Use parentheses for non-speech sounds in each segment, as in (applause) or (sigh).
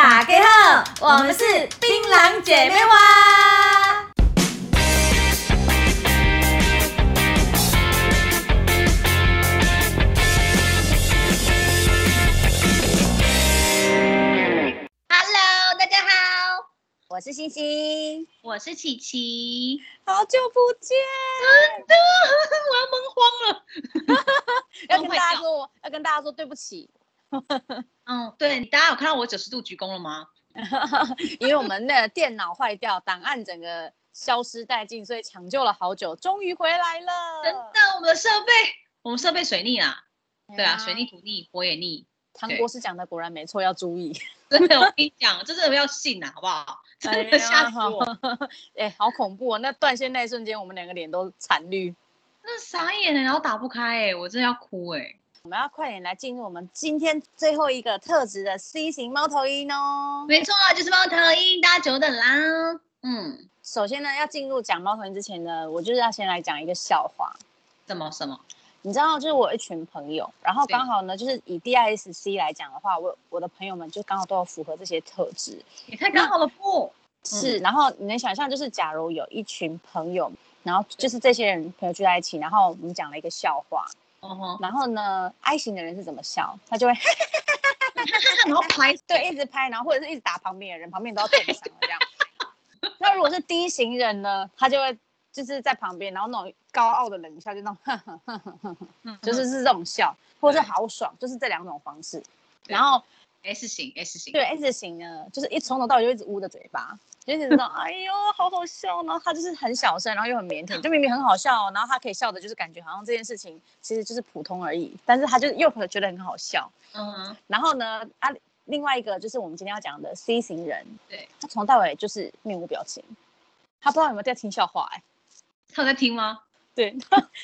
大家好，我們是檳榔姐妹花。Hello，大家好，我是星星，我是琪琪，好久不見，真的對， (laughs) 我要蒙慌了， (laughs) (laughs) 要跟，跟大家說，要跟大家說對不起。 (laughs) 嗯，對，大家有看到我九十度鞠躬了嗎？ (laughs) 因為我們的電腦壞掉，檔案整個消失殆盡，所以搶救了好久，終於回來了。等等，我們的設備，我們設備水逆了。哎、呀對啊，水逆土逆火也逆。唐國師講的果然沒錯，要注意。真的，我跟你講， (laughs) 這真的不要信啊，好不好？真的嚇死我了。了、哎，好恐怖啊、哦！那斷線那一瞬間，我們兩個臉都慘綠。那傻眼了，然後打不開哎，我真的要哭哎。我們要快點來進入我們今天最後一個特質的 C 型貓頭鷹哦！沒錯，就是貓頭鷹，大家久等啦。嗯，首先呢，要進入講貓頭鷹之前呢，我就是要先來講一個笑話。什麼什麼、嗯？你知道，就是我有一群朋友，然後剛好呢，對就是以 DISC 來講的話，我我的朋友們就剛好都有符合這些特質。你看，剛好的不？嗯、是，然後你能想象，就是假如有一群朋友，嗯、然後就是這些人對朋友聚在一起，然後我們講了一個笑話。然後呢？I 型、uh huh. 的人是怎麼笑？他就會， (laughs) 然後拍，對，一直拍，然後或者是一直打旁邊的人，旁邊都要退場這樣。 (laughs) 那如果是 D 型人呢？他就會就是在旁邊，然後那種高傲的冷笑，就那種，就是是這種笑，或者是豪爽，對就是這兩種方式。對然後 S 型，S 型，S 型 對，S 型呢，就是一從頭到尾就一直捂着嘴巴。就是那種，哎呦，好好笑呢。然後他就是很小聲，然後又很靦腆，嗯、就明明很好笑，哦，然後他可以笑的，就是感覺好像這件事情其實就是普通而已。但是他就又覺得很好笑。嗯哼。然後呢，啊，另外一個就是我們今天要講的 C 型人，對，他從頭到尾就是面無表情，他不知道有沒有在聽笑話哎，欸？他在聽嗎？對。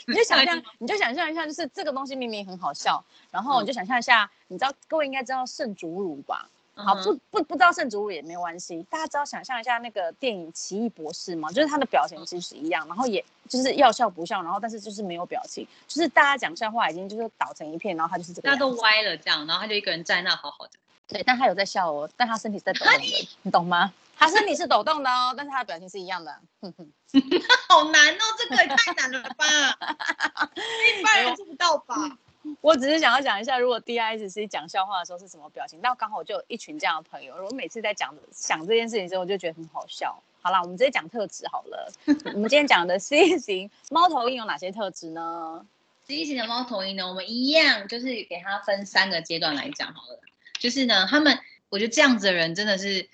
你就想象，你就想象一下，就是這個東西明明很好笑，然後你就想象一下，嗯、你知道各位應該知道盛竹如吧？好，不不不知道聖主魯也沒關係，大家只要想象一下那個電影奇異博士嘛，就是他的表情其實一樣，然後也就是要笑不笑，然後但是就是沒有表情，就是大家講笑話已經就是倒成一片，然後他就是這個樣，大家都歪了這樣，然後他就一個人站在那好好的。對，但他有在笑哦，但他身體在抖動的， (laughs) 你懂嗎？他身體是抖動的哦， (laughs) 但是他的表情是一樣的。 (laughs) (laughs) 好難哦，這個也太難了吧，一般人做不到吧。哎我只是想要講一下，如果 DISC 講笑話的時候是什麼表情。那剛好我就有一群這樣的朋友，我每次在講想這件事情時，我就覺得很好笑。好啦，我們直接講特質好了。 (laughs) 我們今天講的 C 型貓頭鷹有哪些特質呢？C 型的貓頭鷹呢，我們一樣就是給它分三個階段來講好了。就是呢，他們我覺得這樣子的人真的是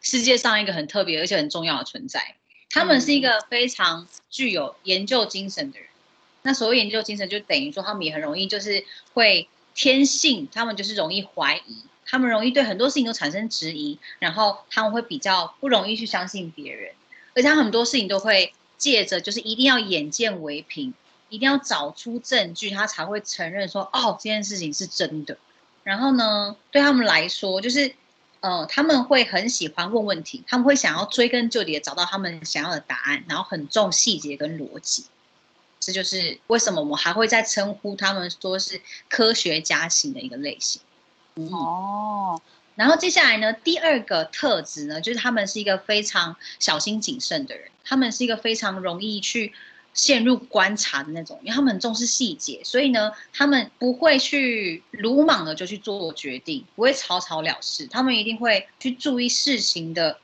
世界上一個很特別而且很重要的存在。嗯。他們是一個非常具有研究精神的人。那所謂研究精神，就等於說他們也很容易，就是會天性，他們就是容易懷疑，他們容易對很多事情都產生質疑，然後他們會比較不容易去相信別人，而且他們很多事情都會借着就是一定要眼見為憑，一定要找出證據，他才會承認說哦這件事情是真的。然後呢，對他們來說，就是呃他們會很喜歡問問題，他們會想要追根究底的找到他們想要的答案，然後很重細節跟邏輯。這就是為什麼我還會在稱呼他們說是科學家型的一個類型。嗯、哦，然後接下來呢，第二個特質呢，就是他們是一個非常小心謹慎的人，他們是一個非常容易去陷入觀察的那種，因為他們很重視細節，所以呢，他們不會去魯莽的就去做決定，不會草草了事，他們一定會去注意事情的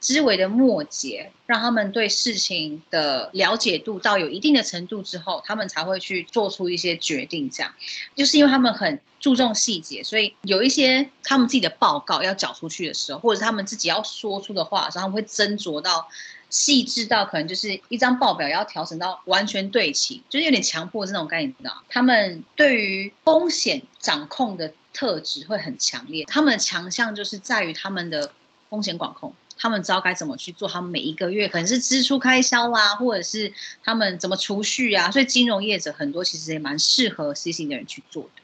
枝微末節，讓他們對事情的了解度到有一定的程度之後，他們才會去做出一些決定。這樣，就是因為他們很注重細節，所以有一些他們自己的報告要繳出去的時候，或者是他們自己要說出的話，然後會斟酌到細緻到可能就是一張報表要調整到完全對齊，就是有點強迫這種概念。知道他們對於風險掌控的特質會很強烈，他們的強項就是在於他們的風險管控。他們知道該怎麼去做，他們每一個月可能是支出開銷啊，或者是他們怎麼儲蓄啊，所以金融業者很多其實也蠻適合 C 型的人去做的。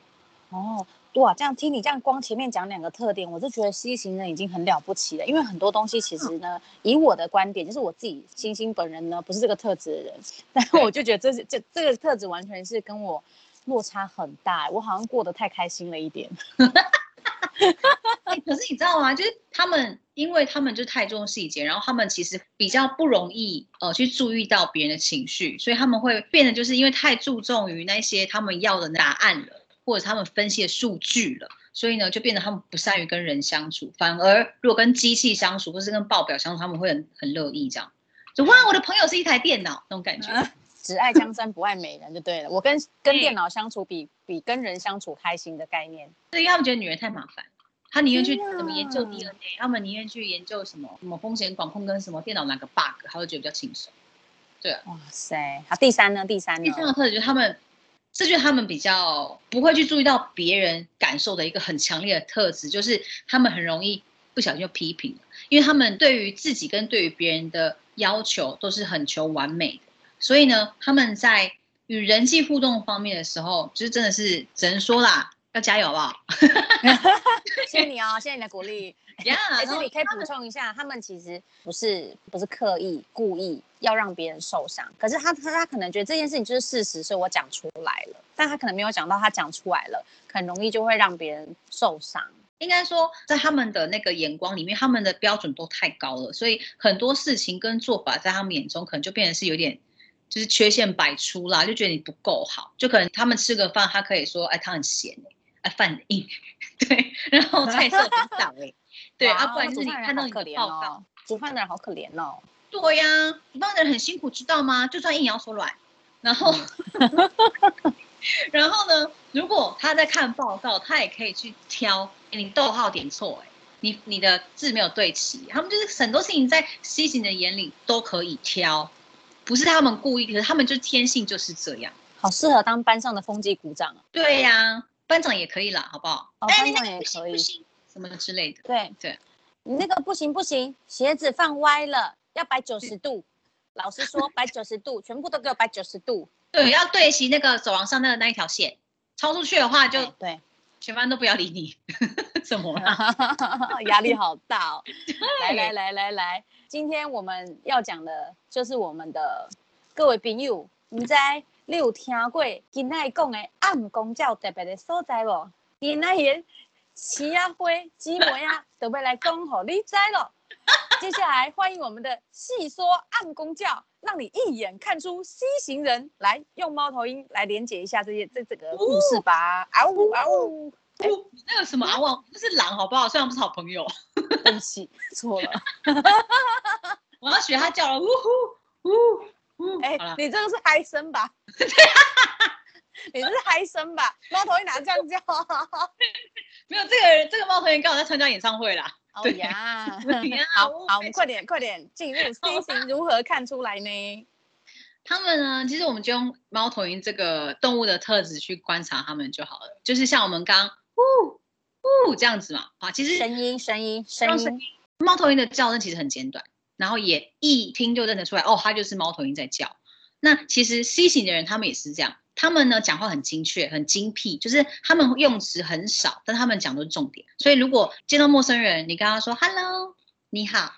哦，啊，這樣聽你這樣光前面講兩個特點，我就覺得 C 型人已經很了不起了，因為很多東西其實呢，嗯、以我的觀點，就是我自己星星本人呢不是這個特質的人，但我就覺得這這對這個特質完全是跟我落差很大，我好像過得太開心了一點。 (laughs) 哈哈， (laughs) 可是你知道嗎、啊？就是他們，因為他們就太重細節，然後他們其實比較不容易呃去注意到別人的情緒，所以他們會變得就是因為太注重於那些他們要的答案了，或者他們分析的數據了，所以呢，就變得他們不善於跟人相處，反而如果跟機器相處，或者是跟報表相處，他們會很很樂意這樣，就哇，我的朋友是一台電腦那種感覺。 (laughs) 只愛江山 (laughs) 不愛美人就對了。我跟跟電腦相處比，欸，比跟人相處開心的概念，所以他們覺得女人太麻煩，他寧願去怎麼研究 DNA，啊，他們寧願去研究什麼什麼風險管控跟什麼電腦哪個 bug，他會覺得比較輕鬆。對、啊，哇塞。好，第三呢？第三呢？第三個特質就是他們，這就是他們比較不會去注意到別人感受的一個很強烈的特質，就是他們很容易不小心就批評，因為他們對於自己跟對於別人的要求都是很求完美的。所以呢，他們在與人際互動方面的時候，就是真的是只能說啦，要加油好不好？ (laughs) (laughs) 謝謝你哦，謝謝你的鼓勵。楊老師，你可以補充一下，他們，他們其實不是不是刻意故意要讓別人受傷，可是他他他可能覺得這件事情就是事實，是我講出來了，但他可能沒有講到，他講出來了，很容易就會讓別人受傷。應該說，在他們的那個眼光裡面，他們的標準都太高了，所以很多事情跟做法，在他們眼中可能就變得是有點。就是缺陷百出啦，就覺得你不夠好，就可能他們吃個飯，他可以說，哎、欸，他很鹹哎、欸，哎、啊、飯硬、欸，對，然後菜色很髒哎、欸， (laughs) 對，哦、啊不然是、哦、你看到你的報告，煮飯的人好可憐哦，對呀、啊，煮飯的人很辛苦知道嗎？就算硬要說軟，然後 (laughs) (laughs) 然後呢，如果他在看報告他也可以去挑你逗號點錯哎、欸，你你的字沒有對齊，他們就是很多事情在 C 型的眼裡都可以挑。不是他們故意，可是他們就天性就是這樣，好適合當班上的風紀股長、啊、對呀、啊，班長也可以啦，好不好？哦、班長也可以，什麼之類的。對對，對你那個不行不行，鞋子放歪了，要擺九十度。 (laughs) 老師說擺九十度， (laughs) 全部都給我擺九十度。對，要對齊那個走廊上那那一條線，超出去的話就對，全班都不要理你。 (laughs) 怎麼了啦？壓 (laughs) 力好大哦！來對來來來來。今天我們要講的，就是我們的各位朋友，你在你有聽過今仔講的暗公教特別的所在無？今仔演起啊花姊妹啊，都會來講，好，你知了。接下來歡迎我們的細說暗公教，讓你一眼看出 Ｃ 型人。來，用貓頭鷹來連接一下這些這這個故事吧。哦、啊嗚啊嗚！呃呃嗚，欸、那個什麼啊旺，那是狼，好不好？雖然不是好朋友。對不起，錯了。 (laughs) 我要學他叫了，嗚呼，嗚嗚哎，欸、啦你這個是嗨森吧？對， (laughs) 你這是嗨森吧？貓 (laughs) 頭鷹哪這樣叫？哈哈哈沒有，這個這個貓頭鷹剛好在參加演唱會啦。對、哦、呀，對呀。 (laughs) (laughs) 好， (laughs) 我們快點快點進入心情，如何看出來呢？他們呢？其實我們就用貓頭鷹這個動物的特質去觀察他們就好了。就是像我們剛。嗚嗚，這樣子嘛啊，其實聲音聲音聲音，貓頭鷹的叫聲其實很簡短，然後也一聽就認得出來，哦，它就是貓頭鷹在叫。那其實 C 型的人他們也是這樣，他們呢講話很精確，很精闢，就是他們用詞很少，但他們講的都是重點。所以如果見到陌生人，你跟他說 Hello 你好，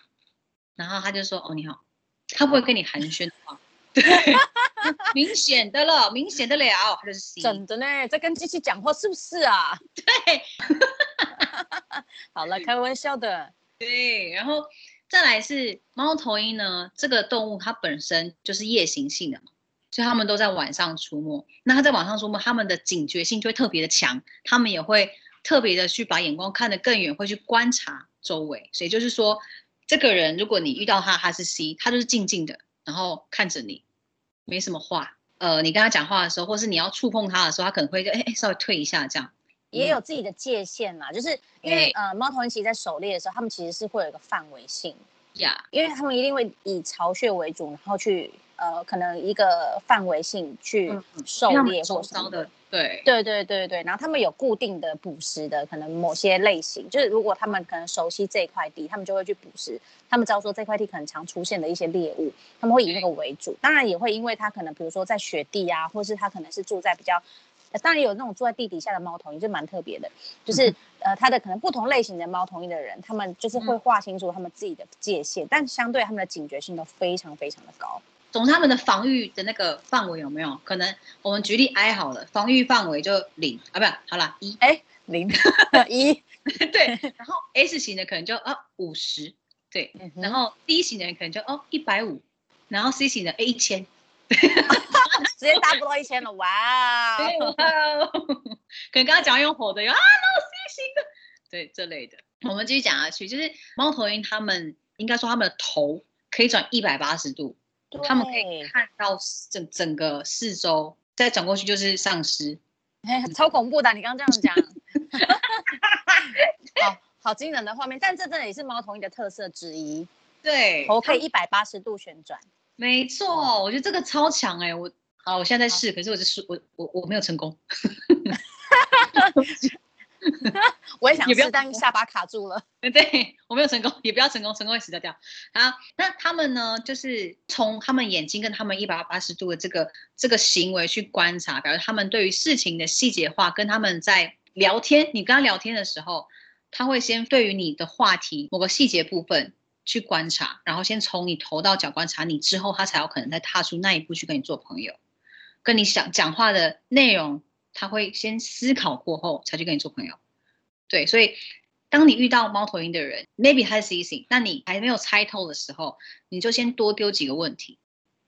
然後他就說哦你好，他不會跟你寒暄的話，對。 (laughs) (laughs) 明顯的了，明顯的了，它是 C。真的呢，在跟機器講話是不是啊？對， (laughs) (laughs) (laughs) 好了，開玩笑的。對，然後再來是貓頭鷹呢，這個動物它本身就是夜行性的嘛，所以它們都在晚上出沒。那它在晚上出沒，它們的警覺性就會特別的強，它們也會特別的去把眼光看得更遠，會去觀察周圍。所以就是說，這個人如果你遇到他，他是 C，他就是靜靜的，然後看着你。沒什麼話，呃，你跟他講話的時候，或是你要觸碰他的時候，他可能會就哎、欸欸、稍微退一下這樣，也有自己的界限嘛，嗯、就是因為、欸、呃，貓頭鷹其實在狩獵的時候，它們其實是會有一個範圍性。Yeah. 因為他們一定會以巢穴為主，然後去呃，可能一個範圍性去狩獵或者的、嗯、燒的。對對對對對，然後他們有固定的捕食的，可能某些類型，就是如果他們可能熟悉這塊地，他們就會去捕食。他們知道說這塊地可能常出現的一些獵物，他們會以那個為主。對當然也會因為他可能，比如說在雪地啊，或是他可能是住在比較。呃、當然有那種住在地底下的貓頭鷹，就蠻特別的。就是呃，他的可能不同類型的貓頭鷹的人，他們就是會劃清楚他們自己的界限，嗯、但相對他們的警覺性都非常非常的高。總之，他們的防禦的那個範圍有沒有可能？我們舉例 I 好了，防禦範圍就零，啊，好，欸、零啊，不，好了，一哎零一， (laughs) 對。然後 S 型的可能就哦五十，啊、50, 對。然後 D 型的人可能就哦一百五，啊、150, 然後 C 型的 A 一千。啊哈哈 (laughs) 直接達不到一千了，哇！ (laughs) 可能剛剛講用火的有啊，那種星星的，對這類的，我們繼續講下去。就是貓頭鷹，它們應該說它們的頭可以轉一百八十度，它對們可以看到整整個四周，再轉過去就是喪屍，哎、欸，超恐怖的！你剛剛這樣講， (laughs) (laughs) 好，好驚人的畫面，但這真的也是貓頭鷹的特色之一。對，頭可以一百八十度旋轉，沒錯，哦、我覺得這個超強哎、欸，我。啊、哦，我現在在試，好可是我是試，我我我沒有成功， (laughs) (laughs) 我也想試，但 (laughs) (laughs) 下巴卡住了。對，我沒有成功，也不要成功，成功會死掉掉。好，那他們呢？就是從他們眼睛、跟他們一百八十度的這個這個行為去觀察，表示他們對於事情的細節化，跟他們在聊天。你跟他聊天的時候，他會先對於你的話題某個細節部分去觀察，然後先從你頭到腳觀察你之後，他才有可能再踏出那一步去跟你做朋友。跟你想講話的內容，他會先思考過後才去跟你做朋友，對，所以當你遇到貓頭鷹的人，maybe 他是 C 型，那你還沒有猜透的時候，你就先多丟幾個問題。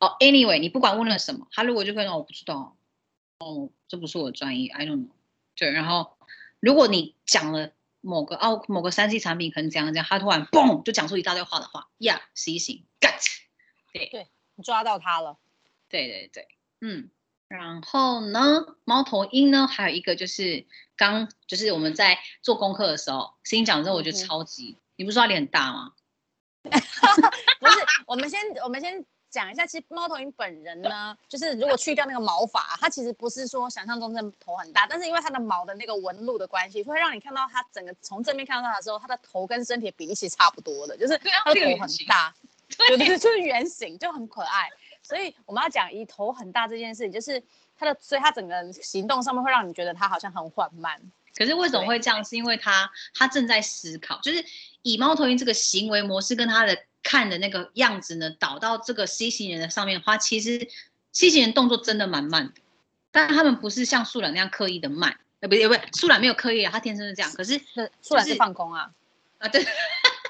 哦、oh，anyway，你不管問了什麼，他如果就會說我、哦、不知道，哦，這不是我的專業，I don't know。對，然後如果你講了某個澳、啊、某個三 C 產品，可能講講他突然嘣就講出一大堆話的話，Yeah，C 型，get，對對，你抓到他了，對對對，嗯。然後呢，貓頭鷹呢，還有一個就是剛就是我們在做功課的時候，聲音講的時候，我覺得超級。嗯、你不是說他臉很大嗎？ (laughs) (laughs) 不是，我們先我們先講一下，其實貓頭鷹本人呢，對就是如果去掉那個毛髮，它，其實不是說想象中的頭很大，但是因為它的毛的那個紋路的關係，會讓你看到它整個從正面看到它的時候，它的頭跟身體比例其實差不多的，就是它的頭很大，有的、啊、是、啊、就是圓形，就很可愛。所以我們要講，以頭很大這件事，就是它的，所以他整個行動上面會讓你覺得他好像很緩慢。可是為什麼會這樣？是因為他他正在思考。就是以貓頭鷹這個行為模式跟他的看的那個樣子呢，導到這個 C 型人的上面的話，其實 C 型人動作真的蠻慢的，但他們不是像樹懶那樣刻意的慢，呃，不是，不是樹懶沒有刻意啊，他天生是這樣。是，可是就是，樹懶是放空啊，啊對。就是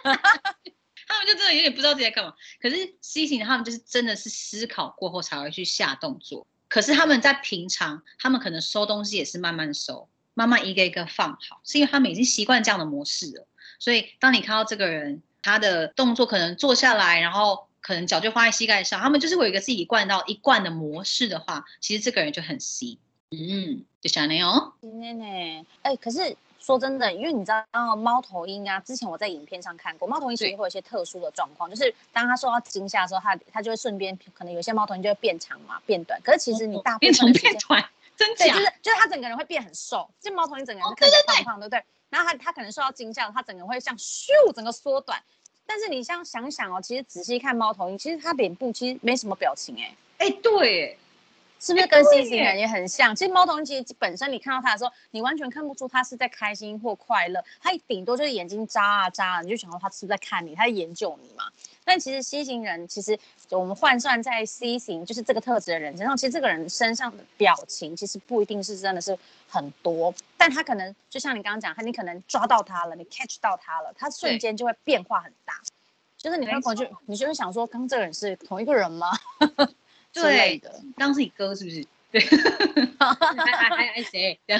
(laughs) 他們就真的有點不知道自己在幹嘛。可是 C 型，他們就是真的是思考過後才會去下動作。可是他們在平常，他們可能收東西也是慢慢收，慢慢一個一個放好，是因為他們已經習慣這樣的模式了。所以當你看到這個人，他的動作可能坐下來，然後可能腳就放在膝蓋上，他們就是會有一個自己慣到一慣的模式的話，其實這個人就很 C。嗯，就像那樣、哦。真的呢？哎，可是。說真的，因為你知道，貓頭鷹啊，之前我在影片上看過，貓頭鷹其實會有一些特殊的狀況，對就是當它受到驚嚇的時候，它它就會瞬間可能有些貓頭鷹就會變長嘛，變短。可是其實你大部分的時間、哦、變短，對真假、就是，就是就是它整個人會變很瘦，這貓頭鷹整個人是胖胖胖，哦、對，對，對，對不對？然後它它可能受到驚嚇，它整個人會像咻整個縮短。但是你像想想哦，其實仔細看貓頭鷹，其實它臉部其實沒什麼表情、欸，哎哎、欸、對。是不是跟 C 型人也很像？欸，其實貓頭鷹其實本身，你看到他的時候，你完全看不出他是在開心或快樂，他一頂多就是眼睛眨啊眨啊，你就想到他是不是在看你，他在研究你嘛。但其實 C 型人，其實我們換算在 C 型就是這個特質的人身上，其實這個人身上的表情其實不一定是真的是很多，但他可能就像你剛剛講，他你可能抓到他了，你 catch 到他了，他瞬間就會變化很大。對就是你那個朋友，錯你就會想說剛，剛這個人是同一個人嗎？ (laughs) 對的，對當時你哥是不是？對， (laughs) (laughs) 還還還誰？對，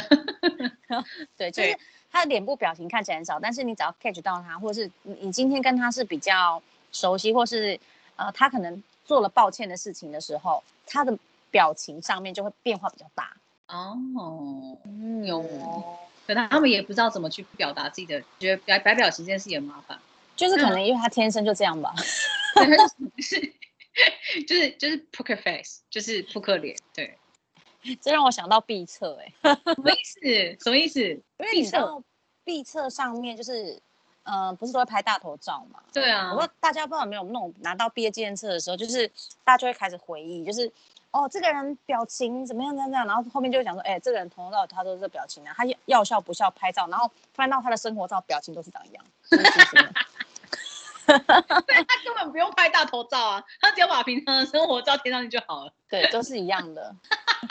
(laughs) 對，就是他的臉部表情看起來很少，但是你只要 catch 到他，或者是你今天跟他是比較熟悉，或是呃，他可能做了抱歉的事情的時候，他的表情上面就會變化比較大。哦、嗯，有，嗯、可能他們也不知道怎麼去表達自己的，覺得表表情這件事也很麻煩，就是可能因為他天生就這樣吧。嗯 (laughs) (laughs) (laughs) 就是就是撲克 face，就是撲克、er、臉。對，這讓我想到畢業冊哎、欸， (laughs) 什麼意思？什麼意思？ (laughs) 因為你知道畢業冊上面就是，呃，不是都會拍大頭照嘛？對啊。我不知道大家不知道，沒有弄，拿到畢業紀念冊的時候，就是大家就會開始回憶，就是哦，這個人表情怎麼樣這樣這樣，然後後面就會想說，哎，這個人從頭到尾他都是這表情啊，他要笑不笑拍照，然後翻到他的生活照，表情都是長一樣。 (laughs) (laughs) 對，他根本不用拍大頭照啊，他只要把我平常的生活照貼上去就好了。對，都是一樣的。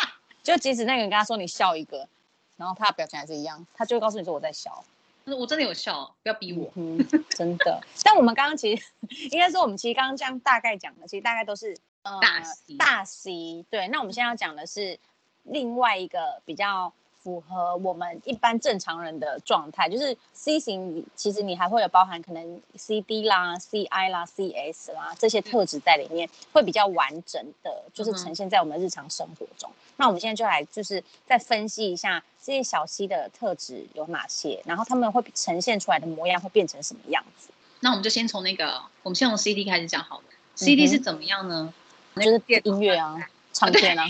(laughs) 就即使那個人跟他說你笑一個，然後他的表情還是一樣，他就會告訴你說我在笑，但我真的有笑，哦，不要逼我。嗯，真的。 (laughs) 但我們剛剛其實，應該說我們其實剛剛這樣大概講的，其實大概都是呃、嗯、大 C、大 C，對。那我們現在要講的是另外一個比較。符合我們一般正常人的狀態，就是 C 型。其實你還會有包含可能 C D 啦、C I 啦、C S 啦這些特質在裡面，會比較完整的，就是呈現在我們日常生活中。嗯、哼那我們現在就來，就是再分析一下這些小 C 的特質有哪些，然後他們會呈現出來的模樣會變成什麼樣子？那我們就先從那個，我們先從 C D 開始講好了。嗯、哼 C D 是怎麼樣呢？就是音樂啊，話唱片啊，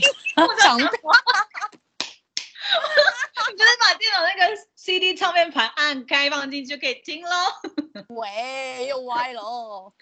唱片。CD 唱片盤按開放進去就可以聽嘍。 (laughs) 喂，又歪了，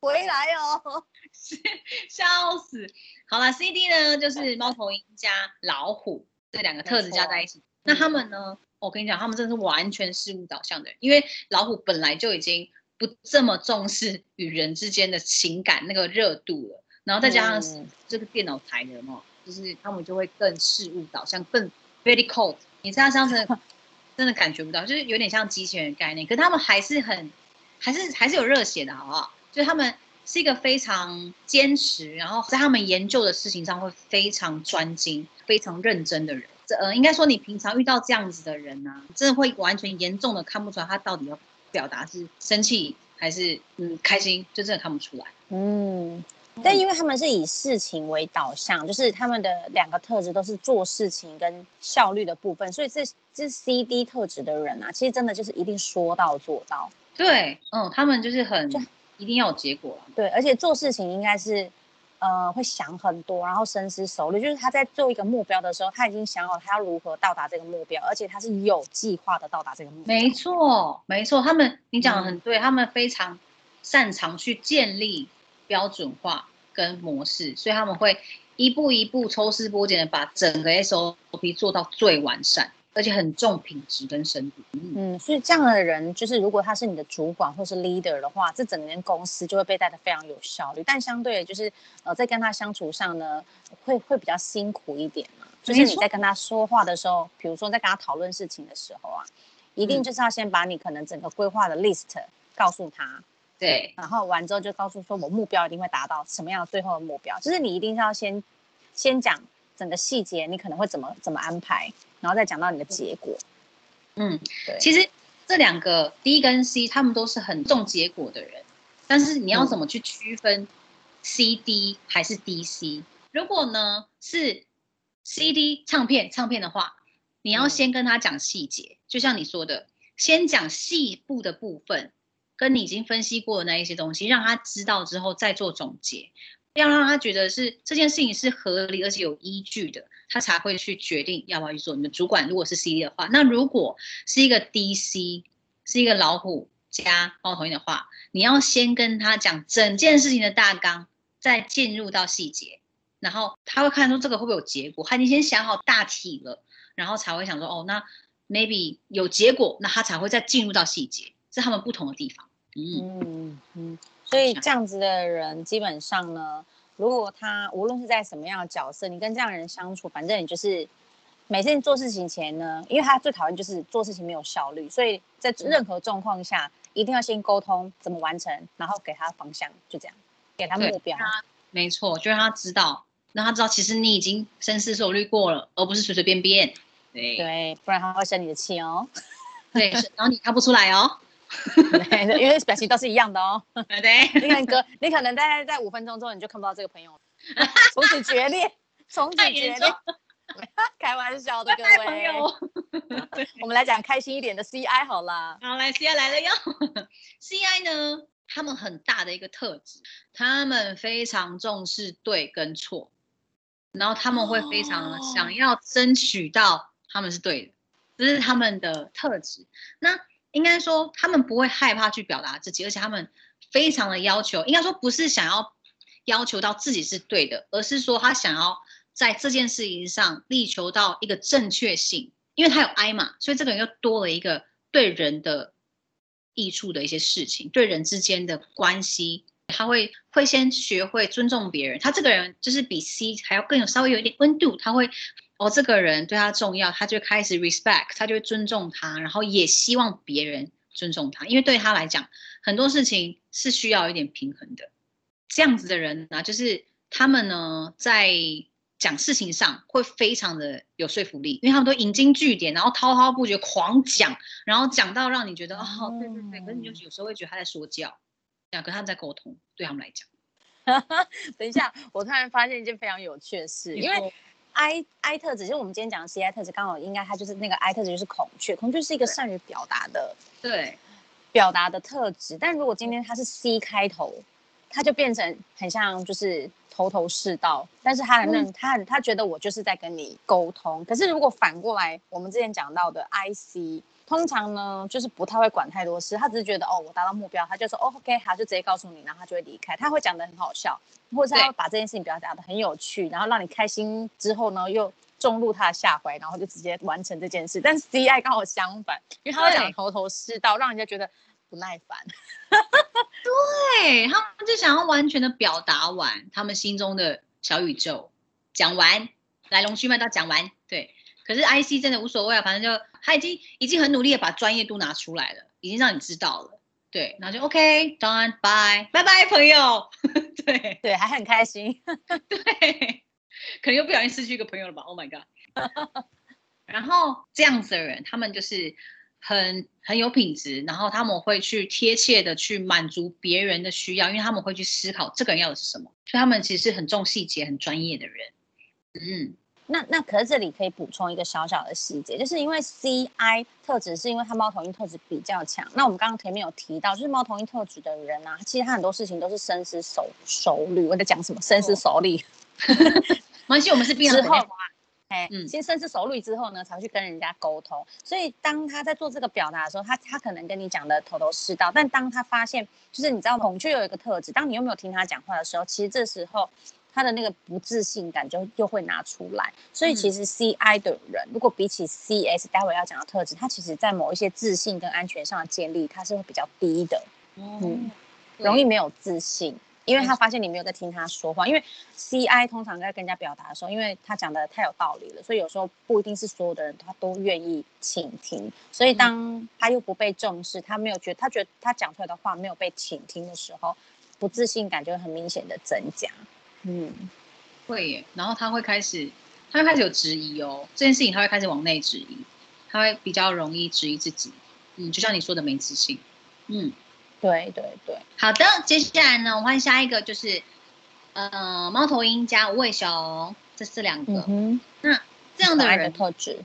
回來哦，， (laughs) 笑死。好啦，CD 呢就是貓頭鷹加老虎這兩個特質加在一起。錯那他們呢？我、嗯哦、跟你講，他們真的是完全事物導向的，因為老虎本來就已經不這麼重視與人之間的情感那個熱度了，然後再加上這個電腦才能哦，就是他們就會更事物導向，更 very cold。你知道像上次。真的感覺不到，就是有點像機器人的概念，可他們還是很，還是還是有熱血的，好不好？就是他們是一個非常堅持，然後在他們研究的事情上會非常專精、非常認真的人。這呃，應該說你平常遇到這樣子的人呢、啊，真的會完全嚴重的看不出來他到底要表達是生氣還是嗯開心，就真的看不出來。嗯。但因為他們是以事情為導向，就是他們的兩個特質都是做事情跟效率的部分，所以這這 CD 特質的人啊，其實真的就是一定說到做到。對，嗯，他們就是很就一定要有結果了。對，而且做事情應該是，呃，會想很多，然後深思熟慮，就是他在做一個目標的時候，他已經想好他要如何到達這個目標，而且他是有計劃的到達這個目標。沒錯，沒錯，他們你講的很對，嗯，他們非常擅長去建立標準化。跟模式，所以他們會一步一步抽絲剝繭的把整個 SOP 做到最完善，而且很重品質跟深度。嗯，所以這樣的人就是，如果他是你的主管或是 leader 的話，這整間公司就會被帶得非常有效率。但相對的就是，呃，在跟他相處上呢，會會比較辛苦一點嘛。說就是你在跟他說話的時候，比如說在跟他討論事情的時候啊，一定就是要先把你可能整個規劃的 list 告訴他。嗯對，然後完之後就告訴說，我目標一定會達到什麼樣的最後的目標，就是你一定是要先先講整個細節，你可能會怎麼怎麼安排，然後再講到你的結果。嗯，對。其實這兩個 D 跟 C，他們都是很重結果的人，但是你要怎麼去區分 CD 還是 DC？、嗯、如果呢是 CD 唱片唱片的話，你要先跟他講細節，嗯、就像你說的，先講細部的部分。跟你已經分析過的那一些東西，讓他知道之後再做總結，要讓他覺得是這件事情是合理而且有依據的，他才會去決定要不要去做。你們主管如果是 C D 的話，那如果是一個 DC，是一個老虎加貓頭鷹的話，你要先跟他講整件事情的大綱，再進入到細節，然後他會看出這個會不會有結果。他已經先想好大體了，然後才會想說哦，那 maybe 有結果，那他才會再進入到細節，是他們不同的地方。嗯嗯，所以這樣子的人基本上呢，如果他無論是在什麼樣的角色，你跟這樣的人相處，反正你就是每次你做事情前呢，因為他最討厭就是做事情沒有效率，所以在任何狀況下一定要先溝通怎麼完成，然後給他方向，就這樣，給他目標。沒錯，就讓他知道，讓他知道其實你已經深思熟慮過了，而不是隨隨便便。對，對，不然他會生你的氣哦。對， (laughs) 然後你看不出來哦。 (laughs) (laughs) 因為表情都是一樣的哦。對，你看哥，你可能大概在五分鐘之後你就看不到這個朋友了，從此決裂，從此決裂。開玩笑的，各位。我們來講開心一點的 CI 好了 (laughs) 對。 (laughs) 好來，來 CI 來了喲。CI 呢，他們很大的一個特質，他們非常重視對跟錯，然後他們會非常想要爭取到他們是對的，這是他們的特質。那。應該說，他們不會害怕去表達自己，而且他們非常的要求，應該說不是想要要求到自己是對的，而是說他想要在這件事情上力求到一個正確性。因為他有 I 嘛，所以這個人又多了一個對人的益處的一些事情，對人之間的關係，他會會先學會尊重別人。他這個人就是比 C 還要更有稍微有一點溫度，他會。哦，這個人對他重要，他就開始 respect，他就尊重他，然後也希望別人尊重他，因為對他來講，很多事情是需要一點平衡的。這樣子的人呢、啊，就是他們呢，在講事情上會非常的有說服力，因為他們都引經據典，然後滔滔不絕狂講，然後講到讓你覺得哦，哦，對對對，可是你就有時候會覺得他在說教，兩個跟他們在溝通，對他們來講哈哈。等一下，我突然發現一件非常有趣的事， (laughs) 因為。I I 特質，就我們今天講的 C I 特質，剛好應該它就是那個 I 特質，就是孔雀。孔雀是一個善於表達的對，對，表達的特質。但如果今天它是 C 開頭，它就變成很像就是頭頭是道，但是它很那個，嗯，它它覺得我就是在跟你溝通。可是如果反過來，我們之前講到的 I C。通常呢，就是不太會管太多事，他只是覺得哦，我達到目標，他就說、哦、OK，好，就直接告訴你，然後他就會離開。他會講得很好笑，或者他要把這件事情表達得很有趣，對然後讓你開心之後呢，又中入他的下懷，然後就直接完成這件事。但是 CI 剛好相反，因為他會講頭頭是道，欸、讓人家覺得不耐煩。 (laughs) 對，他們就想要完全的表達完他們心中的小宇宙，講完來龍去脈到講完，對。可是 IC 真的無所謂啊，反正就。他已經已經很努力的把專業都拿出來了，已經讓你知道了，對，然後就 OK done，bye bye bye 朋友， (laughs) 對對，還很開心， (laughs) 對，可能又不小心失去一個朋友了吧，Oh my god， (laughs) 然後這樣子的人，他們就是很很有品質，然後他們會去貼切的去滿足別人的需要，因為他們會去思考這個人要的是什麼，所以他們其實是很重細節、很專業的人，嗯。那那可是這裡可以補充一個小小的細節，就是因為 CI 特質，是因為他貓頭鷹特質比較強。那我們剛剛前面有提到，就是貓頭鷹特質的人啊，其實他很多事情都是深思熟熟慮。我在講什麼？深思熟慮。沒關係， (laughs) 我們是邊聊邊講。哎，嗯，先深思熟慮之後呢，才會去跟人家溝通。所以當他在做這個表達的時候，他他可能跟你講得頭頭是道。但當他發現，就是你知道，孔雀有一個特質，當你又沒有聽他講話的時候，其實這時候。他的那個不自信感就又會拿出來，所以其實 C I 的人，如果比起 C S 待會要講的特質，他其實在某一些自信跟安全上的建立，他是會比較低的，嗯，容易沒有自信，因為他發現你沒有在聽他說話，因為 C I 通常在跟人家表達的時候，因為他講得太有道理了，所以有時候不一定是所有的人他都願意傾聽，所以當他又不被重視，他沒有覺得他覺得他講出來的話沒有被傾聽的時候，不自信感就會很明顯的增加。嗯，會耶。然後他會開始，他會開始有質疑哦。這件事情他會開始往內質疑，他會比較容易質疑自己。嗯，就像你說的沒自信。嗯，對對對。好的，接下來呢，我們換下一個就是，嗯、呃，貓頭鷹加無尾熊，這四兩個。嗯哼那這樣的人的特質，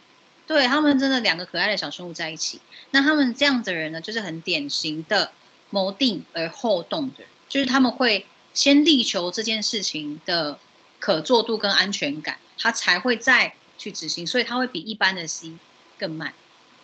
對他們真的兩個可愛的小生物在一起，那他們這樣的人呢，就是很典型的謀定而後動的人，就是他們會先力求這件事情的可做度跟安全感，他才會再去執行，所以他會比一般的 C 更慢，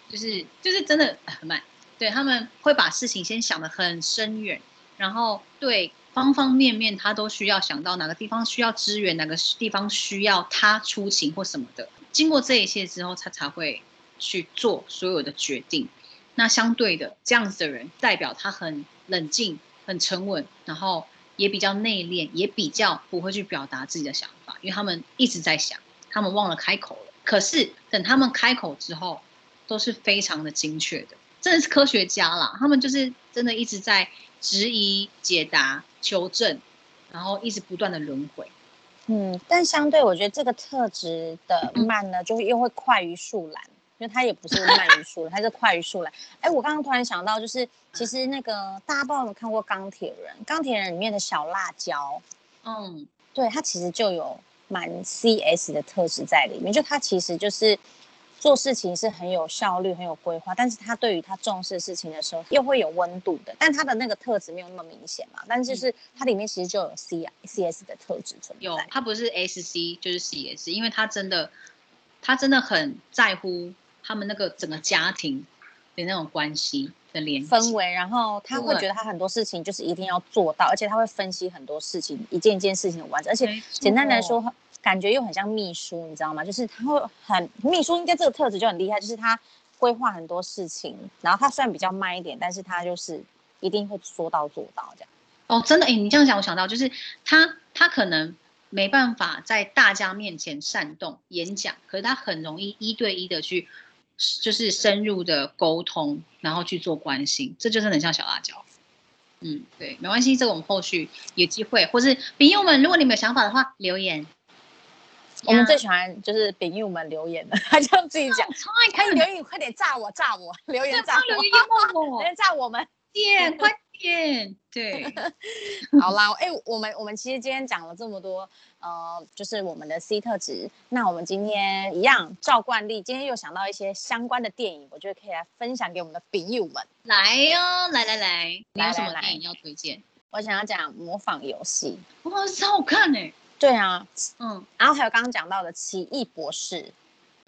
就是就是真的、呃、很慢。對，他們會把事情先想得很深遠，然後對方方面面他都需要想到哪個地方需要支援，哪個地方需要他出勤或什麼的。經過這一切之後，他才會去做所有的決定。那相對的，這樣子的人代表他很冷靜、很沉穩，然後。也比較內斂，也比較不會去表達自己的想法，因為他們一直在想，他們忘了開口了。可是等他們開口之後，都是非常的精確的，真的是科學家啦。他們就是真的一直在質疑、解答、求證，然後一直不斷的輪迴。嗯，但相對我覺得這個特質的慢呢，就是又會快於樹懶。因為他也不是慢語速了。 (laughs) 他是快語速了。哎、欸，我剛剛突然想到，就是、嗯、其實那個大家不知道有沒有看過《鋼鐵人》，鋼鐵人裡面的小辣椒，嗯，對他其實就有蠻 CS 的特質在裡面。就他其實就是做事情是很有效率、嗯、很有規劃，但是他對於他重視事情的時候，又會有溫度的。但他的那個特質沒有那麼明顯嘛，但是就是它裡面其實就有 C 啊 CS 的特質存在。有，他不是 SC 就是 CS，因為他真的他真的很在乎。他們那個整個家庭的那種關係的聯繫氛圍，然後他會覺得他很多事情就是一定要做到，對而且他會分析很多事情，一件一件事情的完成，對而且簡單來說，哦、感覺又很像秘書，你知道嗎？就是他會很秘書，應該這個特質就很厲害，就是他規劃很多事情，然後他雖然比較慢一點，但是他就是一定會說到做到這樣。哦，真的，哎，你這樣講我想到，就是他他可能沒辦法在大家面前煽動演講，可是他很容易一對一的去。就是深入的溝通，然後去做關心，這就是很像小辣椒。嗯，對，沒關係，這個我們後續有機會，或是檳友們，如果你們有想法的話，留言。Yeah. 我們最喜歡就是檳友們留言了，還 (laughs) 像自己講，超愛、哦、留言，快點炸我，炸我，留言炸我，留言淹沒我，留言炸我們，耶，快！ (laughs) 耶，yeah, 對， (laughs) 好啦，哎、欸，我們我們其實今天講了這麼多，呃，就是我們的 C 特質。那我們今天一樣照慣例，今天又想到一些相關的電影，我覺得可以來分享給我們的筆友們，okay? 來喲、哦，來來來，你有什麼電影要推薦？我想要講《模仿遊戲》，哇，超好看呢、欸！對啊，嗯，然後還有剛剛講到的《奇異博士》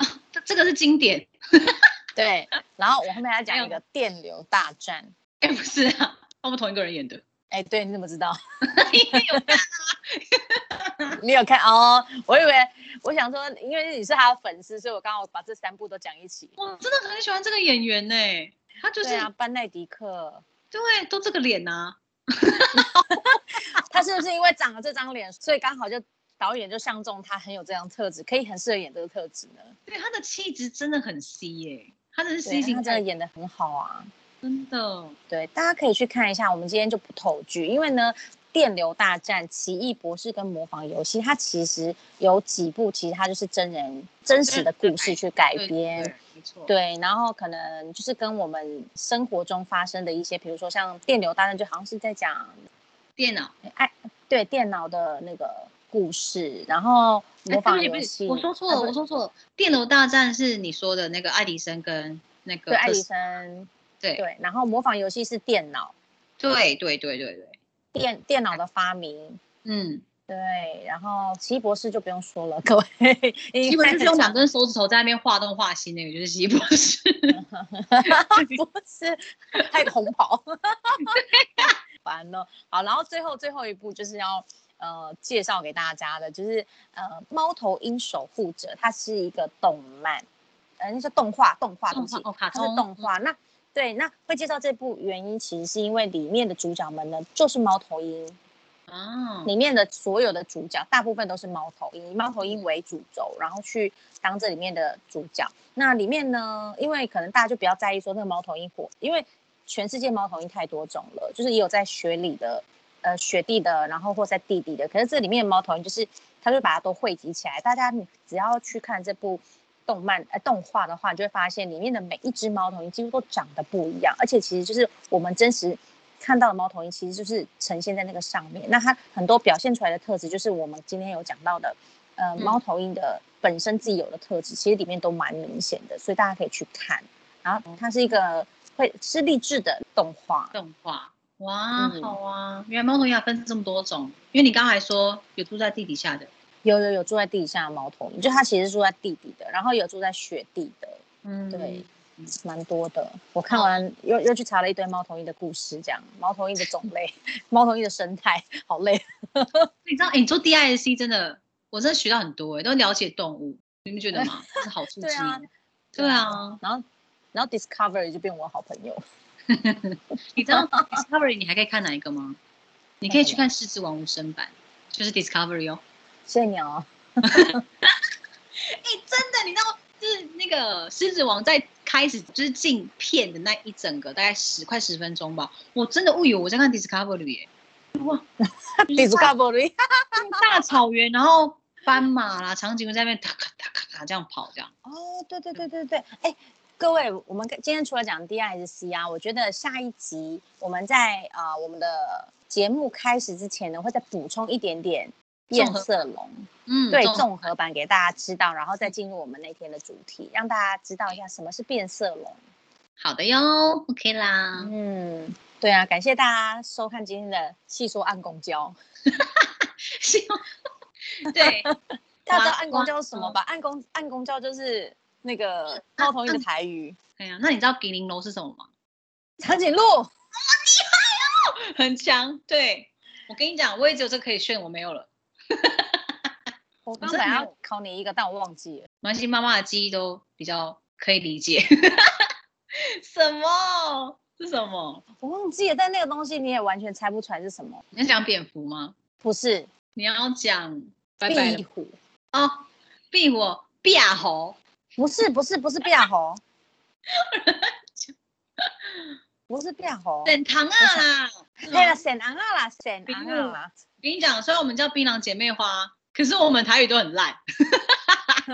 啊、這這個是經典。 (laughs) 對，然後我後面要講一個《電流大戰》哎，哎、欸，不是啊。他們同一個人演的。哎、欸，對，你怎麼知道？ (laughs) 你有看啊？ (laughs) 你有看哦？Oh, 我以為，我想說，因為你是他的粉絲，所以我剛好把這三部都講一起。我真的很喜歡這個演員哎、欸，他就是、啊、班奈迪克，對，都這個臉啊。 (laughs) (laughs) 他是不是因為長了這張臉，所以剛好就導演就相中他，很有這樣特質，可以很適合演這個特質呢？對，他的氣質真的很 C 耶、欸，他的是 C 型，他真的演得很好啊。真的，對，大家可以去看一下。我們今天就不透劇，因為呢，電流大戰、奇異博士跟模仿遊戲，它其實有幾部，其實它就是真人真實的故事去改編。對、對、對、對，沒錯，然後可能就是跟我們生活中發生的一些，比如說像電流大戰，就好像是在講電腦，哎，對，電腦的那個故事。然後模仿遊戲，我說錯了，我說錯了，電流大戰是你說的那個愛迪生跟那個對、嗯、愛迪生。對，然後模仿遊戲是電腦，對對對對對，對對對對對電電腦的發明，嗯，對，然後奇異博士就不用說了，各位，基本就是用兩根手指頭在那邊畫東畫西，那個就是奇異博士， (laughs) 不是太紅袍， (laughs) 對呀、啊，完了，好，然後最後最後一步就是要、呃、介紹給大家的，就是呃貓頭鷹守護者，它是一個動漫，呃那是動畫動畫東西動畫、哦對，那會介紹這部原因，其實是因為裡面的主角們呢，就是貓頭鷹，啊、哦，裡面的所有的主角大部分都是貓頭鷹，以貓頭鷹為主軸，然後去當這裡面的主角。那裡面呢，因為可能大家就比較在意說那個貓頭鷹火，因為全世界貓頭鷹太多種了，就是也有在雪裡的，呃，雪地的，然後或在地底的，可是這裡面的貓頭鷹就是它就把它都匯集起來，大家你只要去看這部。動漫哎、呃，動畫的話，你就會發現裡面的每一隻貓頭鷹幾乎都長得不一樣，而且其實就是我們真實看到的貓頭鷹，其實就是呈現在那個上面。那它很多表現出來的特質，就是我們今天有講到的，呃，貓頭鷹的本身自己有的特質，嗯、其實裡面都蠻明顯的，所以大家可以去看。然後它是一個會是勵志的動畫，動畫，哇，嗯、好啊！原來貓頭鷹要分成這麼多種，因為你剛才說有住在地底下的。有有有住在地下的貓頭鷹，就它其實住在地底的，然後有住在雪地的，嗯，對，蠻多的。我看完好又又去查了一堆貓頭鷹的故事，這樣貓頭鷹的種類、貓 (laughs) 頭鷹的生態，好累。 (laughs) 你知道，欸、你做 D I S C 真的，我真的學到很多哎、欸，都了解動物，你們覺得嗎？欸、是好刺激。對啊，對啊，然後然後 Discovery 就變我好朋友。 (laughs) 你知道 (laughs) Discovery 你還可以看哪一個嗎？你可以去看《獅子王》無聲版，就是 Discovery 哦。謝謝你哦！哎、 (laughs) (laughs) 欸，真的，你知道，就是那個獅子王在開始就是鏡片的那一整個，大概十快十分鐘吧。我真的誤以為我在看《Discovery》、欸耶！哇， (laughs) 《Discovery (laughs) 》大草原，然後斑馬啦、長頸鹿在那邊咔咔咔咔這樣跑這樣。哦，oh, 對對對對對，哎、欸，各位，我們今天除了講 D、啊 DISC，我覺得下一集我們在啊、呃、我們的節目開始之前呢，會再補充一點點。變色龍，嗯，對，綜合版給大家知道，然後再進入我們那天的主題，是讓大家知道一下什麼是變色龍。好的喲，OK 啦。嗯，對啊，感謝大家收看今天的細說暗公交。哈說， (laughs) 對， (laughs) 大家知道暗公交是什麼吧？嗯、暗公暗公交就是那個貓頭鷹的台語。哎呀、嗯嗯嗯啊，那你知道吉林樓是什麼嗎？長頸鹿。啊，厲害哦、很強。對，我跟你講，我也只有這可以炫，我沒有了。 (laughs) 我剛才要考你一個，但我忘記了。暖心媽媽的記憶都比較可以理解。 (laughs) 什麼？是什麼？我忘記了。但那個東西你也完全猜不出來是什麼。你要講蝙蝠嗎？不是，你要講壁虎啊、哦哦？壁虎、壁亞猴？不是，不是，不是壁亞猴。 (laughs) (laughs) 不是變紅，檳榔啊對啦，哎呀，檳榔啊啦，檳、嗯、啊啦。我跟你講，雖然我們叫檳榔姐妹花，可是我們台語都很爛。 (laughs)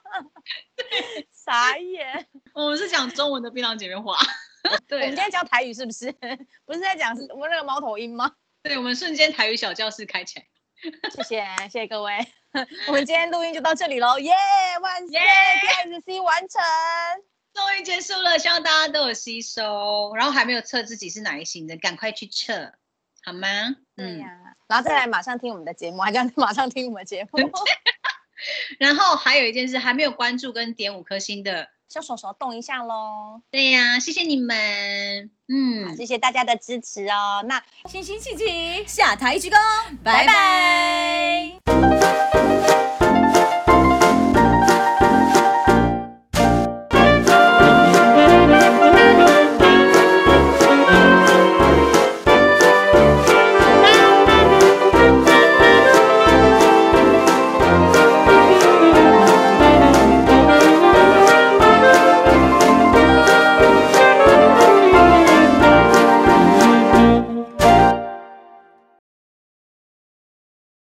(laughs) 對傻眼，我們是講中文的檳榔姐妹花。 (laughs) 對啦，我們今天教台語是不是？不是在講我們那個貓頭鷹嗎？對，我們瞬間台語小教室開起來。 (laughs) 謝謝，謝謝各位， (laughs) 我們今天錄音就到這裡嘍，耶，萬謝，K S, Yeah . C 完成。終於結束了，希望大家都有吸收。然後還沒有測自己是哪一型的，趕快去測，好嗎？對啊、嗯。然後再來馬上聽我們的節目，還叫馬上聽我們的節目。 (laughs) 然後還有一件事，還沒有關注跟點五顆星的，小手手動一下嘍。對呀、啊，謝謝你們，嗯好，謝謝大家的支持哦。那辛辛棄疾下台鞠躬，拜拜。拜拜。